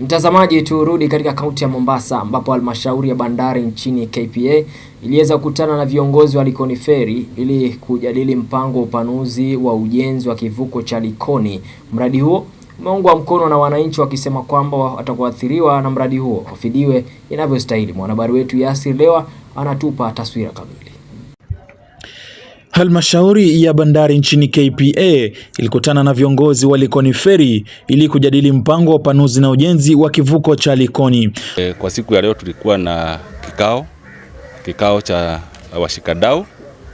Mtazamaji, turudi katika kaunti ya Mombasa ambapo halmashauri ya bandari nchini KPA iliweza kukutana na viongozi wa Likoni Ferry ili kujadili mpango wa upanuzi wa ujenzi wa kivuko cha Likoni. Mradi huo umeungwa mkono na wananchi wakisema kwamba watakuathiriwa na mradi huo wafidiwe inavyostahili. Mwanahabari wetu Yasir Lewa anatupa taswira kamili. Halmashauri ya bandari nchini KPA ilikutana na viongozi wa Likoni Ferry ili kujadili mpango wa upanuzi na ujenzi wa kivuko cha Likoni. E, kwa siku ya leo tulikuwa na kikao kikao cha washikadau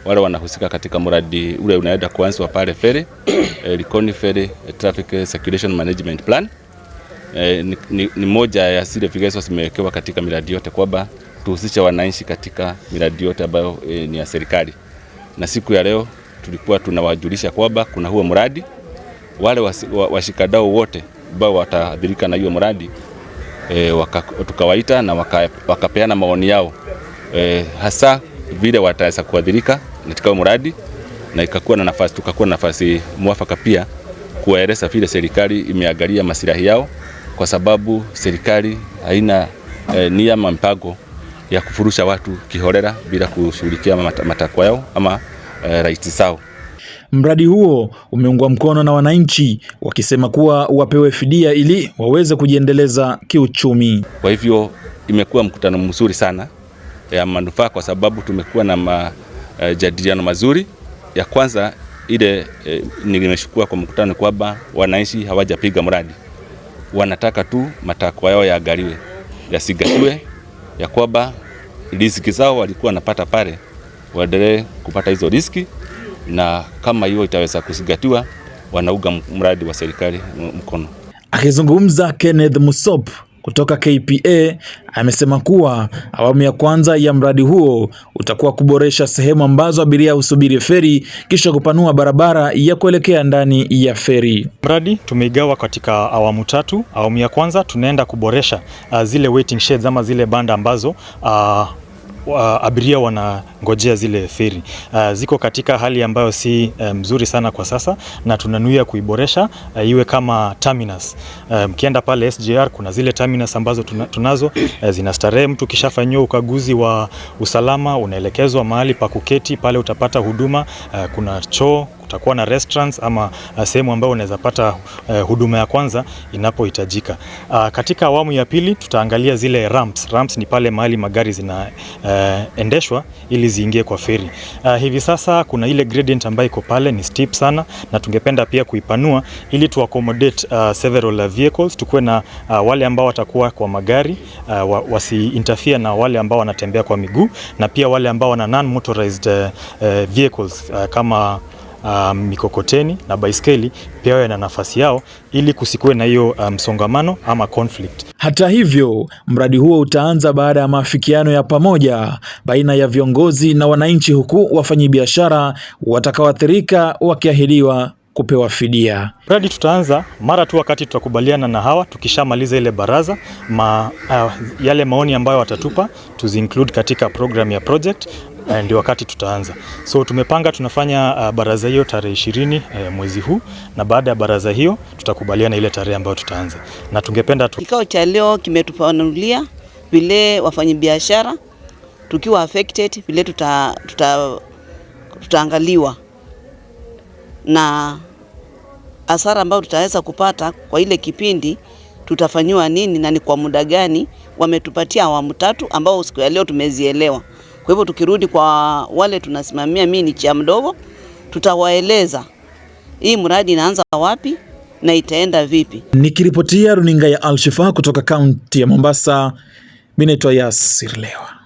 wale wanahusika katika mradi ule unaenda kuanzwa pale ferry eh, Likoni Ferry Traffic Circulation Management Plan. Eh, ni, ni, ni moja ya zile vigezo zimewekewa katika miradi yote kwamba tuhusishe wananchi katika miradi yote ambayo eh, ni ya serikali na siku ya leo tulikuwa tunawajulisha kwamba kuna huo mradi. Wale washikadau wote ambao wataadhirika na hiyo mradi e, tukawaita na waka, wakapeana maoni yao e, hasa vile wataweza kuadhirika katika mradi na ikakuwa na nafasi, tukakuwa na nafasi mwafaka pia kuwaeleza vile serikali imeangalia masilahi yao, kwa sababu serikali haina e, nia mpango ya kufurusha watu kiholela bila kushughulikia matakwa yao ama e, eh, raiti zao. Mradi huo umeungwa mkono na wananchi wakisema kuwa wapewe fidia ili waweze kujiendeleza kiuchumi. Kwa hivyo imekuwa mkutano mzuri sana ya manufaa kwa sababu tumekuwa na majadiliano eh, mazuri. Ya kwanza ile e, nimeshukua kwa mkutano kwamba wananchi hawajapiga mradi, wanataka tu matakwa yao yaangaliwe, yasigatiwe ya kwamba riziki zao walikuwa wanapata pale waendelee kupata hizo riziki, na kama hiyo itaweza kuzingatiwa, wanauga mradi wa serikali mkono. Akizungumza Kenneth Musop kutoka KPA amesema kuwa awamu ya kwanza ya mradi huo utakuwa kuboresha sehemu ambazo abiria husubiri feri kisha kupanua barabara ya kuelekea ndani ya feri. Mradi tumeigawa katika awamu tatu. Awamu ya kwanza tunaenda kuboresha uh, zile waiting sheds ama zile banda ambazo uh, uh, abiria wanangojea zile feri uh, ziko katika hali ambayo si eh, mzuri um, sana kwa sasa, na tunanuia kuiboresha uh, iwe kama terminus. Eh, mkienda um, pale SGR kuna zile terminus ambazo tunazo uh, zinastarehe. Mtu kishafanyiwa ukaguzi wa usalama unaelekezwa mahali pa kuketi, pale utapata huduma uh, kuna choo utakuwa na restaurants ama uh, sehemu ambayo unaweza pata eh, huduma ya kwanza inapohitajika. Uh, katika awamu ya pili tutaangalia zile ramps. Ramps ni pale mahali magari zinaendeshwa uh, ili ziingie kwa feri. Uh, hivi sasa kuna ile gradient ambayo iko pale ni steep sana na tungependa pia kuipanua ili tu accommodate uh, several uh, vehicles, tukuwe na uh, wale ambao watakuwa kwa magari uh, wa, wasi interfere na wale ambao wanatembea kwa miguu na pia wale ambao wana non motorized uh, uh, vehicles uh, kama um, mikokoteni na baiskeli pia yana na nafasi yao ili kusikuwe na hiyo um, msongamano um, ama conflict. Hata hivyo, mradi huo utaanza baada ya maafikiano ya pamoja baina ya viongozi na wananchi, huku wafanyabiashara watakaoathirika wakiahidiwa kupewa fidia. Mradi tutaanza mara tu wakati tutakubaliana na hawa, tukishamaliza ile baraza ma, uh, yale maoni ambayo watatupa tuzi include katika program ya project Eh, ndio wakati tutaanza. So tumepanga tunafanya uh, baraza hiyo tarehe ishirini uh, mwezi huu, na baada ya baraza hiyo tutakubaliana ile tarehe ambayo tutaanza, na tungependa tu... kikao cha leo kimetupanulia vile wafanyabiashara tukiwa affected vile tuta, tuta, tutaangaliwa na hasara ambayo tutaweza kupata kwa ile kipindi tutafanyiwa nini na ni kwa muda gani. Wametupatia awamu tatu ambao siku ya leo tumezielewa. Kwa hivyo tukirudi kwa wale tunasimamia, mimi ni chia mdogo, tutawaeleza hii mradi inaanza wapi na itaenda vipi. Nikiripotia runinga ya Alshifa kutoka kaunti ya Mombasa, mimi naitwa Yasir Lewa.